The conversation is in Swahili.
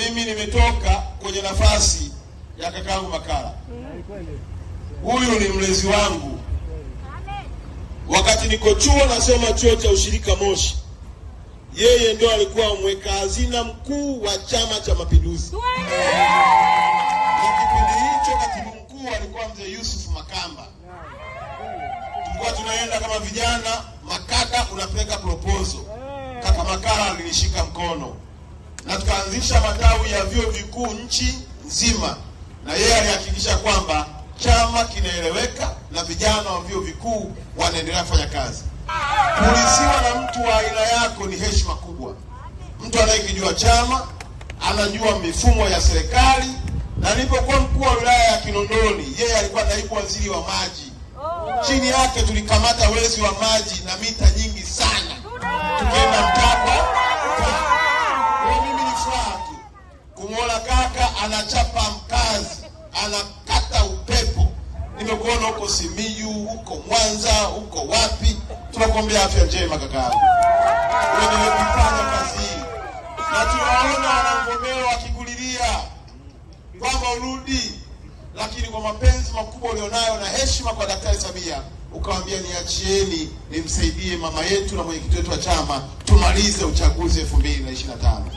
mimi nimetoka kwenye nafasi ya kakangu Makala. Huyu ni mlezi wangu. Wakati niko chuo nasoma chuo cha ushirika Moshi, yeye ndio alikuwa mweka hazina mkuu wa Chama cha Mapinduzi. kipindi hicho katibu mkuu alikuwa mzee Yusuf Makamba. Tulikuwa tunaenda kama vijana, makada unapeleka proposal. Kaka Makala alinishika mkono na tukaanzisha matawi ya vyuo vikuu nchi nzima, na yeye alihakikisha kwamba chama kinaeleweka na vijana wa vyuo vikuu wanaendelea kufanya kazi. Kulisiwa na mtu wa aina yako ni heshima kubwa. Mtu anayekijua chama anajua mifumo ya serikali, na nilipokuwa mkuu wa wilaya ya Kinondoni, yeye alikuwa naibu waziri wa maji. Oh. Chini yake tulikamata wezi wa maji na mita nyingi anachapa mkazi, anakata upepo. Nimekuona huko Simiyu, huko Mwanza, huko wapi. Tunakuombea afya njema kaka kazi hii na tunaona wanamvomeo wakikulilia kwamba urudi, lakini kwa mapenzi makubwa ulionayo na heshima kwa Daktari Samia ukawambia niachieni nimsaidie mama yetu na mwenyekiti wetu wa chama tumalize uchaguzi tano.